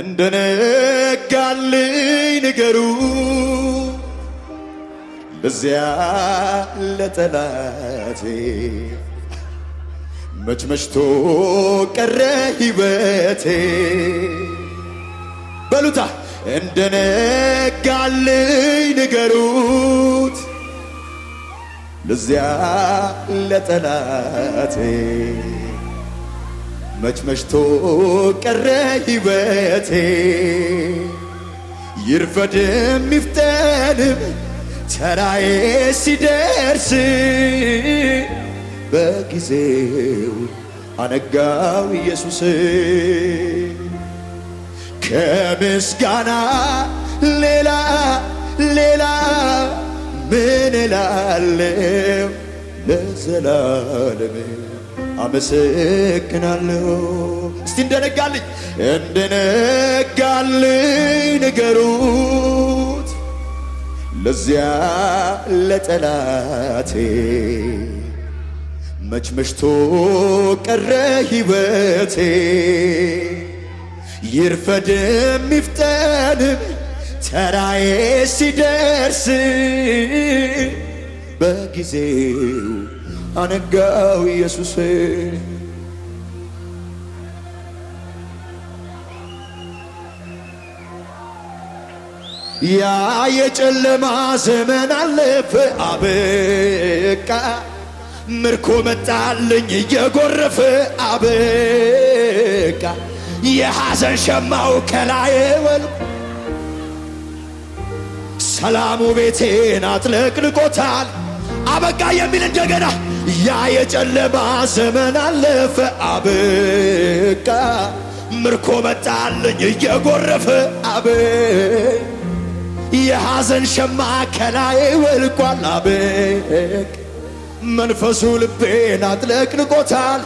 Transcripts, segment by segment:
እንደነጋልኝ ንገሩ ለዚያ ለጠላቴ መች መሽቶ ቀረ ሂበቴ በሉታ እንደነጋልኝ ንገሩት ለዚያ ለጠላቴ መች መሽቶ ቀረ ሕይወቴ ይርፈድም ይፍጠንም ተራዬ ሲደርስ በጊዜው አነጋው ኢየሱስ ከምስጋና ሌላ ሌላ ምን እላለሁ ለዘላለም አመሰግናለሁ። እስቲ እንደነጋልኝ እንደነጋልኝ ንገሩት ለዚያ ለጠላቴ መች መሽቶ ቀረ ሕይወቴ ይርፈድም ይፍጠንም ተራዬ ሲደርስ በጊዜው አነጋው ኢየሱሴ ያ የጨለማ ዘመን አለፈ አበቃ ምርኮ መጣልኝ እየጎረፈ አበቃ የሐዘን ሸማው ከላዬ ወልቁ ሰላሙ ቤቴን አጥለቅልቆታል አበቃ የሚል እንደገና ያ የጨለማ ዘመን አለፈ አበቃ ምርኮ መጣልኝ እየጎረፈ አበ የሐዘን ሸማ ከላይ ወልቋል አበቃ መንፈሱ ልቤን አጥለቅልቆታል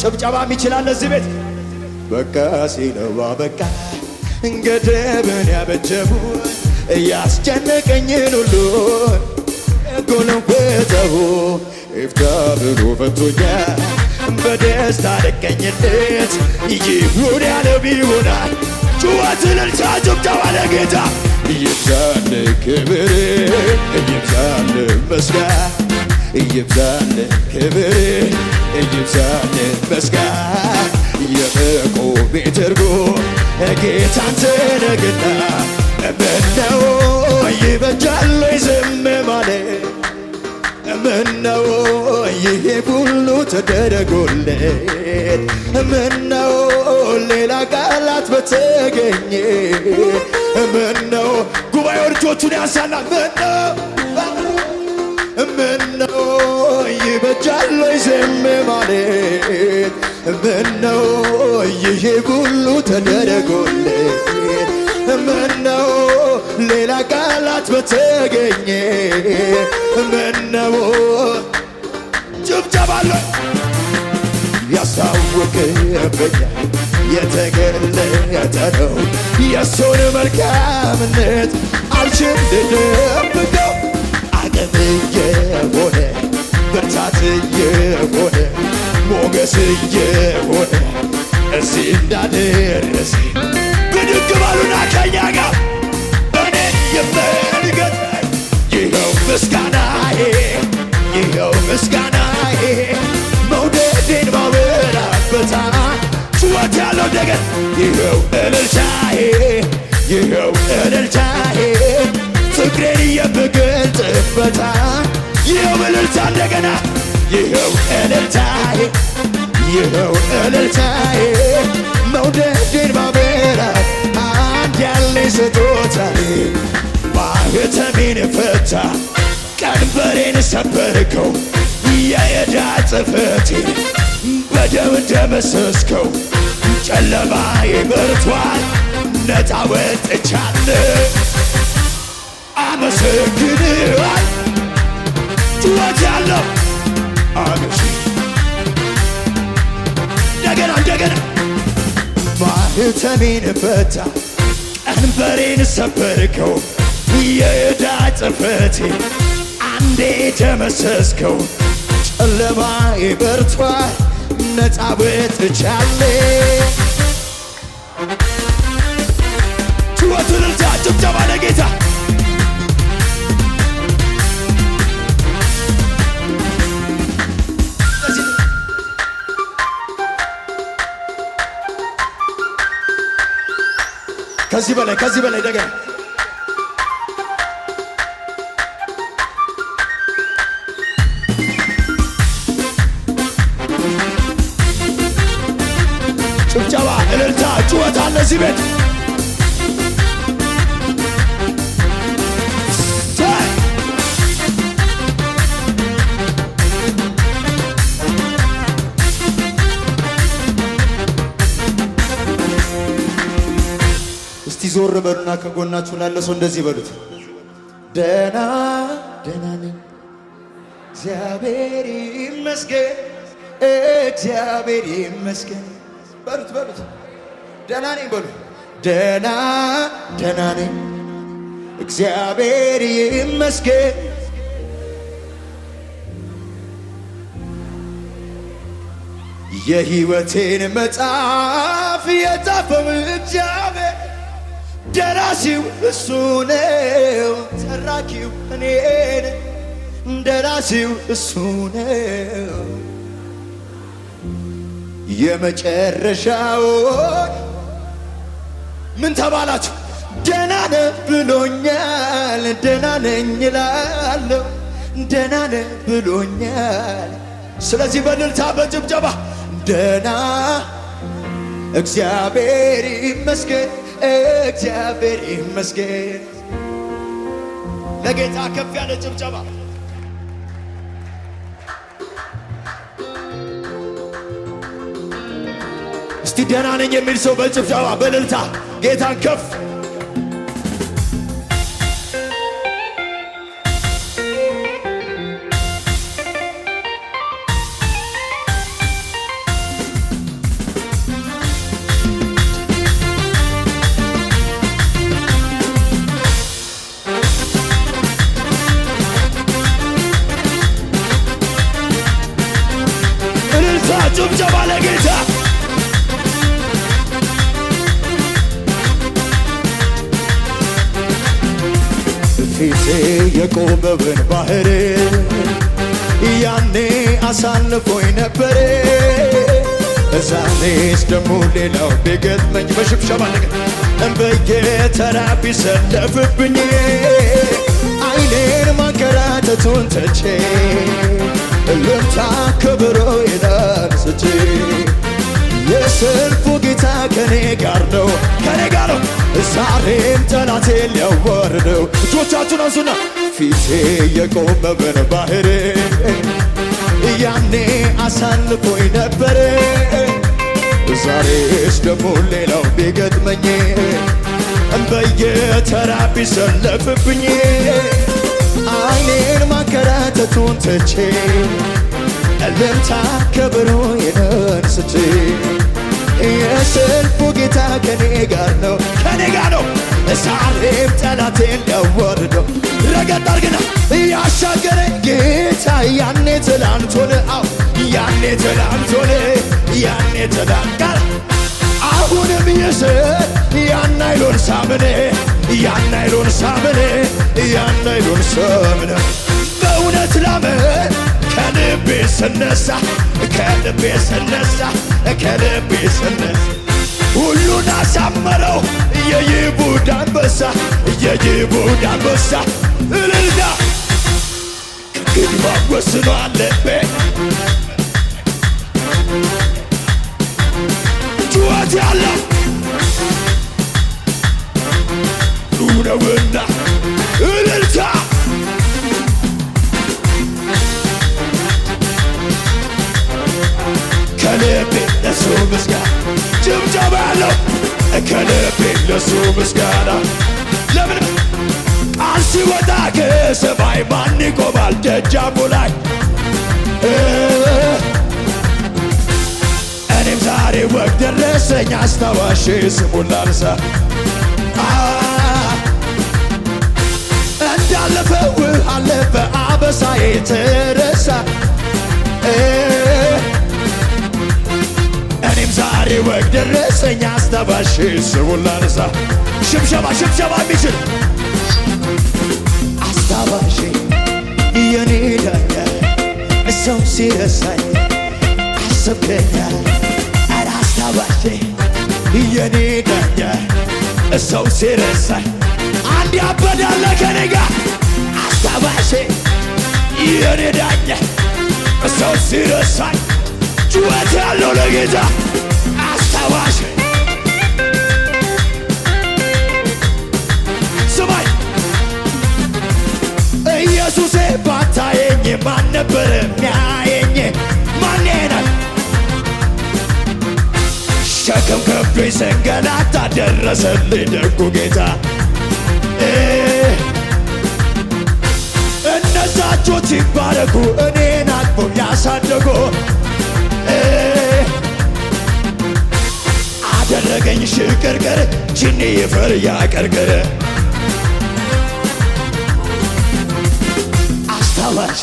ጭብጨባም ይችላል እዚህ ቤት በቃ ሲለው አበቃ ገደብን ያበጀቡ እያስጨነቀኝን ሁሉን ጎለወጠው ይፍታ ብሎ ፈቶኛል በደስታ ደቀኝነት ይሁን ያለው ይሆናል ጩኸት እልልታ ጭብጨባ ለጌታ ይብዛል ክብር ይብዛል ምስጋና ይብዛል ክብር ይብዛል ምስጋና የዕቆቤ ትርጉም ጌታን ትነግና ምነው ይበጃል ዝም ማለት ምነው ይሄ ሁሉ ተደረጎለት ምነው ሌላ ቃላት በተገኘ ምነው ጉባኤው እጆቹን ያንሳላል ምነው ይበጃል ዝም ማለት ምነው ይሄ ሁሉ ተደረጎለት ምነው ሌላ ቃላት በተገኘ ምነው ጭብጨባለ ያሳውቅብኛል የተገለጠ ነው የእሱን መልካምነት አልችል ልደብቀው አቅም እየሆነ ብርታት እየሆነ ሞገስ እየሆነ እዚህ እንዳደረሰኝ ብድግ በሉና ከኛ ጋር እኔ የምንገት ይኸው ምስጋናዬ ይኸው ምስጋናዬ መውደዴን ማበራበታ ጩወት ያለው ደገት ይኸው እልልታዬ ይኸው እልልታዬ ፍቅሬን የምገልጥበታ ይኸው እልልታ እንደገና ይኸው እልልታዬ ይኸው እልልታዬ መውደዴን ማበራ ስጦታ ማህተሜን ፈታ ቀንበሬን ሰበርከው የዕዳ ጽሕፈቴን በደም ደመሰስከው ጨለማዬ በርቷል ነፃ ወጥቻለሁ አመሰግንሃል ትወዳለሁ አገሽ እንደገና እንደገና ማህተሜን ፈታ ቀንበሬን ሰበርከው የዕዳ ጽሕፈቴ አንዴ ተመሰስከው ጨለማ ይበርቷ ነፃ ወጥቻለ ችወቱን ጭብጨባ ከዚህ በላይ ከዚህ በላይ ደገም ጭብጨባ፣ እልልታ፣ ጩኸት አለ እዚህ ቤት ዞር በሉና ከጎናችሁ ላለ ሰው እንደዚህ በሉት፣ ደና ደና ነኝ እግዚአብሔር ይመስገን፣ እግዚአብሔር ይመስገን በሉት በሉት፣ ደና ነኝ በሉ፣ ደና ደና ነኝ እግዚአብሔር ይመስገን የሕይወቴን መጽሐፍ የጻፈው እግዚአብሔር ደራሲው እሱ ነው፣ ተራኪው እኔ ደራሲው እሱ ነው፣ የመጨረሻው ምን ተባላችሁ? ደህና ነህ ብሎኛል፣ ደህና ነኝ እላለሁ፣ ደህና ነህ ብሎኛል። ስለዚህ በእልልታ በጭብጨባ ደህና እግዚአብሔር ይመስገን እግዚአብሔር ይመስገን። ለጌታ ከፍ ያለ ጭብጨባ እስቲ ደህና ነኝ የሚል ሰው በጭብጨባ በልልታ ጌታን ከፍ የጥበብን ባህር ያኔ አሳልፎኝ ነበር። እዛኔስ ደሞ ሌላው ቢገጥመኝ በሽብሸባ ነገር በየተራ ቢሰለፍብኝ አይኔን ማንከራተቱን ተቼ እልምታ ከበሮ የናንስቼ የሰልፉ ጌታ ከኔ ጋር ነው ከኔ ጋር ነው ዛሬም ጠላቴ ሊያዋርደው እጆቻችን አንሱና ፊቴ የቆመ ባህር ያኔ አሳልፎኝ ነበር። ዛሬስ ደግሞ ሌላው ቢገጥመኝ በየተራ ቢሰለፍብኝ አይኔን ማንከራተቱን ትቼ እልልታ ከበሮዬን አንስቼ የሰልፉ ጌታ ከኔ ጋር ነው ከኔ ጋር ነው። ዛሬም ጠላቴን ያዋርደው ረገጥ አርግና ያሻገረ ጌታ ያኔ ትላንት አው ያኔ ትላንት ያኔ ትላንት አሁንም የሰ ያን አይሎን ሳምነ ያን አይሎን ሳምነ ያን አይሎን ሳምነ በእውነት ላመ ከልቤ ስነሳ ከልቤ ስነሳ ከልቤ ስነሳ ሁሉን አሳመረው የይሁዳ አንበሳ የይሁዳ አንበሳ እልልዳ ግድማ ወስኖ አለቤ ጩኸት ያለው ዱነውና ከሰማይ ማን ይቆማል ደጃፉ ላይ? እኔም ዛሬ ወቅት ደረሰኝ አስታዋሽ ስሙን ላንሳ እንዳለፈው አለፈ አበሳዬ ተረሳ። እኔም ዛሬ ወቅት ደረሰኝ አስታዋሽ ስሙን ላንሳ ሽብሸባ ሽብሸባ የሚችል አስታዋሽ የኔ ዳኛ እሰው ሲረሳኝ አሰብከኛል ኧረ አስታዋሽ የኔ ዳኛ ሰው ሲረሳኝ አንድ ያበዳለ ከኔ ጋር አስታዋሽ የኔ ዳኛ ሰው ሲረሳኝ ጩኸት ያለው ለጌታ ደረሰልኝ ደጉ ጌታ። እነሳቾች ሲባረኩ እኔን አቅፎ ያሳደጎ አደረገኝ ሽቅርቅር ችኒ ይፈር ያቀርቅር አስታዋሽ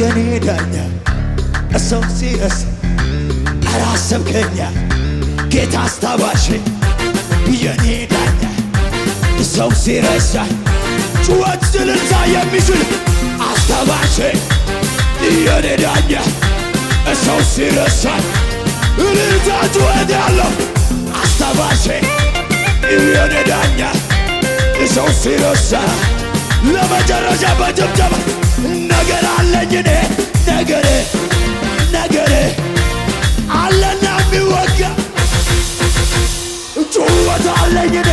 የኔ ዳኛ እሰው ሲረስ አላሰብከኛ ጌታ አስታዋሽ የኔ ዳኛ ሰው ሲረሳ ጩኸት ስልልታ የሚችል አስታባሽ የኔ ዳኛ እሰው ሲረሳኝ እልልታ ጩኸት ያለው አስታባሽ የኔ ዳኛ ሰው ሲረሳ ለመጨረሻ በጭብጨባ ነገር አለኝ እኔ ነገሬ ነገሬ አለና የሚወጋ ጩኸት አለኝ እኔ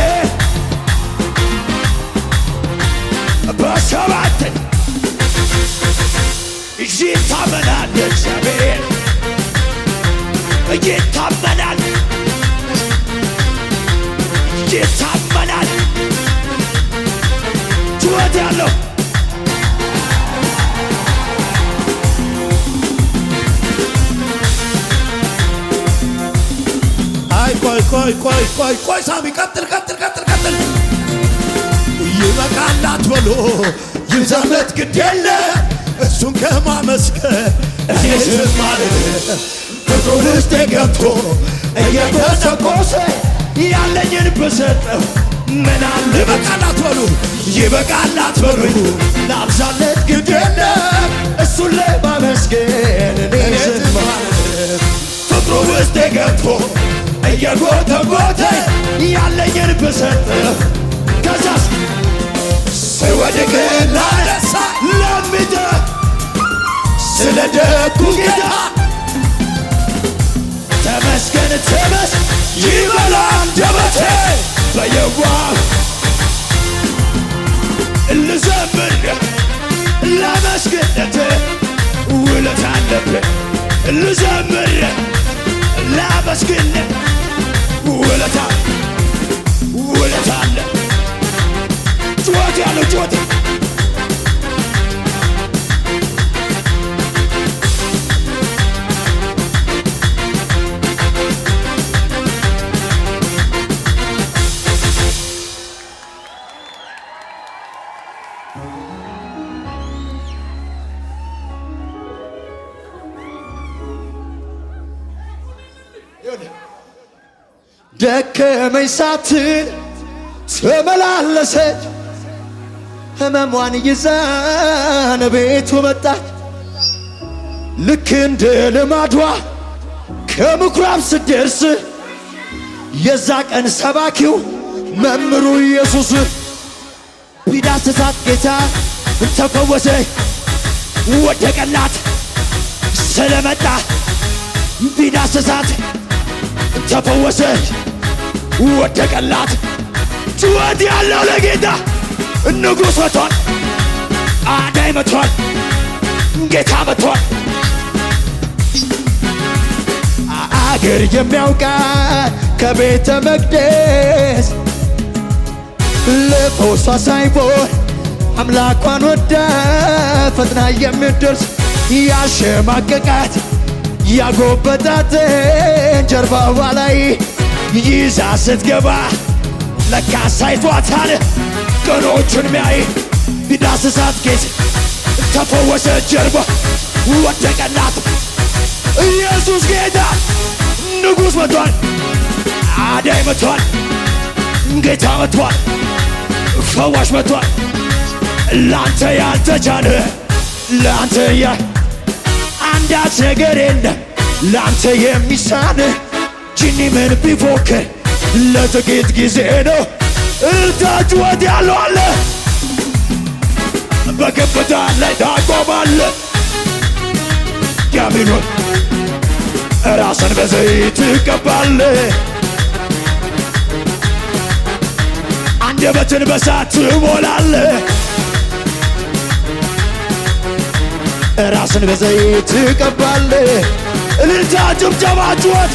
በሰባት ይታመናል እግዚአብሔር ይታመናል ይታመናል ጩኸት ያለው ቆይ ቆይ ቆይ ቆይ ሳሚ ቀጥል ቀጥል ቀጥል ቀጥል ይበቃላት ብሎ ይብዛለት ግድ የለ እሱን ከማመስገን እኔ ዝም አልል ፍቅሩ ገብቶ እየተተኮሰ ያለኝን ብሰጠው ምናል ይበቃላት በሉ ይበቃላት በሉ ላብዛለት ግድ የለ እሱን ለማመስገን አጎቴ ያለኝን ብሰጥ ከዛስ ስወድቅ ላነሳ ለምደ ስለ ደጉ ጌታ ተመስገን ተመስ ይበላ አንደበቴ በየዋ ልዘምን ለመስገነቴ ውለት አለብን ልዘምን ደከመኝ ሳትል ተመላለሰች ህመሟን ይዛን ቤቱ መጣች። ልክ እንደ ልማዷ ከምኩራብ ስደርስ የዛ ቀን ሰባኪው መምሩ ኢየሱስ ቢዳስሳት ጌታ ተፈወሰ። ወደቀላት ስለመጣ ቢዳስሳት ተፈወሰች። ወደቀላት። ጭወት ያለው ለጌታ ንጉሥ መቷል። አዳይ መቷል። ጌታ መቷል። አገር የሚያውቃት ከቤተ መቅደስ ለፈውሷ ሳይሆን አምላኳን ወዳ ፈጥና የምትደርስ ያሸማቀቃት ያጎበጣትን ጀርባዋ ላይ ይዛ ስትገባ ለካ ሳይቷታል ቀኖቹን ሚያይ ቢዳስሳት ጌት ተፈወሰ ጀርባ ወደቀላት። ኢየሱስ ጌታ ንጉሥ መቷል፣ አዳይ መቷል ጌታ መጥቷል። ፈዋሽ መቷል ላንተ ያልተቻለ ላንተ ያ አንዳች ነገር የለም ላንተ የሚሳንህ ችኒ ምን ቢፎክር ለጥቂት ጊዜ ነው። እታች ወት ያለዋለ አለ በከፍታ ላይ ታቆማለ። ያሚኖ ራስን በዘይት ይቀባል፣ አንደበትን በሳት ትሞላለ። ራስን በዘይት ይቀባል። እልልታ፣ ጭብጨባ፣ ጩኸት